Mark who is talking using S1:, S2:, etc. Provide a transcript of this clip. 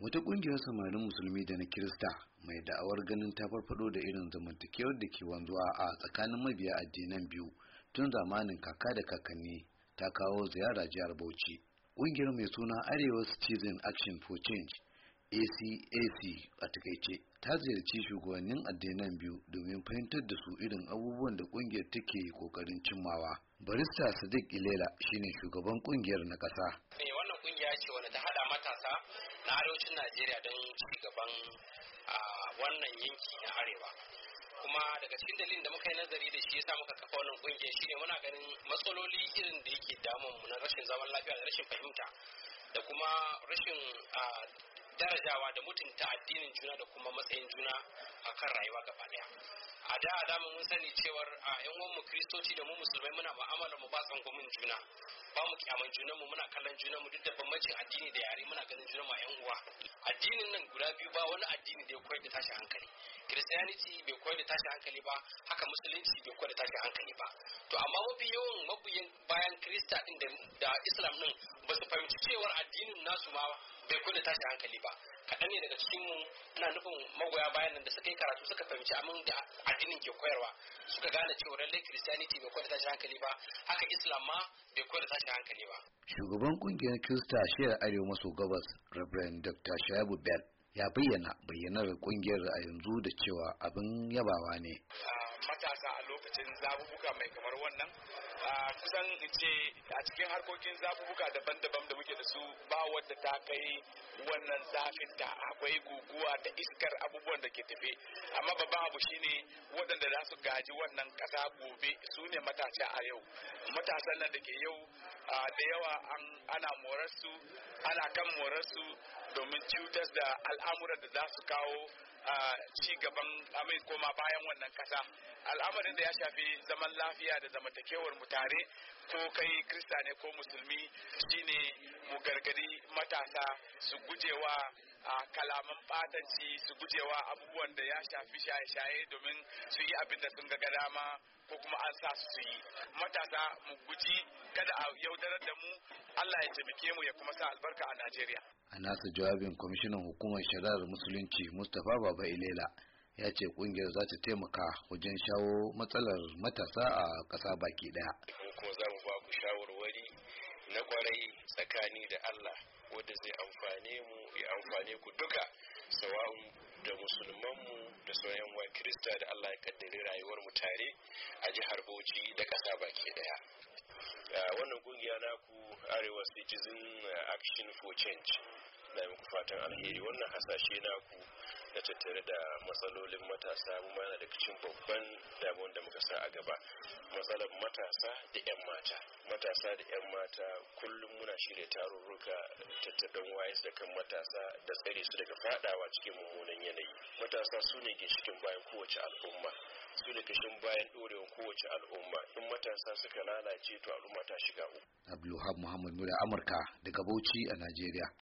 S1: wata ƙungiyar samarin musulmi da na kirista mai da'awar ganin ta farfado da irin zamantakewar da ke wanzuwa a tsakanin mabiya addinan biyu tun zamanin kaka da kakanni ta kawo ziyara jihar bauchi ƙungiyar mai suna arewa citizen action for change acac a takaice ta ziyarci shugabannin addinan biyu domin fahimtar da su irin abubuwan da kungiyar take kokarin cimmawa barista sadiq ilela shine shugaban kungiyar na ƙasa
S2: eh, wannan kungiya ce wadda ta hada matasa na arewacin najeriya don ci gaban wannan yanki na arewa kuma daga cikin dalilin da muka yi nazari da shi yasa muka kafa wannan kungiyar shine muna ganin matsaloli irin da yake damun mu na rashin zaman lafiya da rashin fahimta da kuma rashin darajawa da mutunta addinin juna da kuma matsayin juna a kan rayuwa gaba daya a da a dama mun sani cewar a yan mu kristoci da mu musulmai muna mu'amala mu ba gomin juna ba mu kyaman junan mu muna kallon junan mu duk da bambancin addini da yare muna ganin junan mu a yan uwa addinin nan guda biyu ba wani addini da ya koyar da tashi hankali christianity bai koyar da tashi hankali ba haka musulunci bai koyar da tashi hankali ba to amma mafi yawan mabiyan bayan krista din da islam nan, ba su fahimci cewar addinin nasu ma bai koyar da tashi hankali ba kaɗan ne daga cikin mu ina nufin magoya bayan nan da suka yi karatu suka fahimci amma da addinin ke koyarwa suka gane cewa lallai christianity bai koyar da tashin hankali ba haka islam ma bai koyar da tashin hankali ba
S1: shugaban kungiyar kirista shiyar arewa maso gabas reverend dr shayabu bell ya bayyana bayyanar kungiyar a yanzu da cewa abin yabawa ne
S3: ah, matasa a lokacin zabubuka mai kamar wannan a kusan ce a cikin harkokin zafuka daban-daban da muke da su ba wadda ta kai wannan zafin da akwai guguwa da iskar abubuwan da ke tafe amma babban abu shine waɗanda za su gaji wannan ƙasa gobe su ne matasa a yau matasan nan da ke yau da yawa ana morarsu ana kan morarsu domin cutar da al'amuran da za su kawo A ci gaban amin koma bayan wannan kasa al'amarin da ya shafi zaman lafiya da zamantakewar mu tare ko kai krista ko musulmi shine mu gargadi matasa su gujewa a kalaman fatanci su gujewa abubuwan da ya shafi shaye-shaye domin su yi abin da sun ga dama ko kuma an sa su yi matasa mu guji kada a yaudarar da mu Allah ya taimake mu ya kuma sa albarka a Najeriya
S1: a nasa jawabin kwamishinan hukumar shari'ar musulunci Mustapha Baba Ilela ya ce kungiyar za ta taimaka wajen shawo matsalar matasa a ƙasa baki daya
S4: kuma za mu ba ku shawarwari na kwarai tsakani da Allah wanda zai amfane mu ya amfane ku duka sawa'un da musulmanmu da sauran wa kirista da Allah ya kaddare rayuwar mu tare a jihar Bauchi da ƙasa baki daya wannan kungiya naku Arewa Citizen Action for Change na muku fatan alheri wannan hasashe na ku na tattare da matsalolin matasa mu yana da cikin babban damuwar da muka sa a gaba matsalar matasa da 'yan mata matasa da 'yan mata kullum muna shirya tarurruka tattaɗin wayar da kan matasa da tsare su daga fadawa cikin mummunan yanayi matasa su ne ginshikin bayan kowace al'umma su ne kashin bayan dorewar kowace al'umma in matasa suka lalace to al'umma ta shiga uku.
S1: Abdulhab Muhammad Mura Amurka daga Bauchi a Najeriya.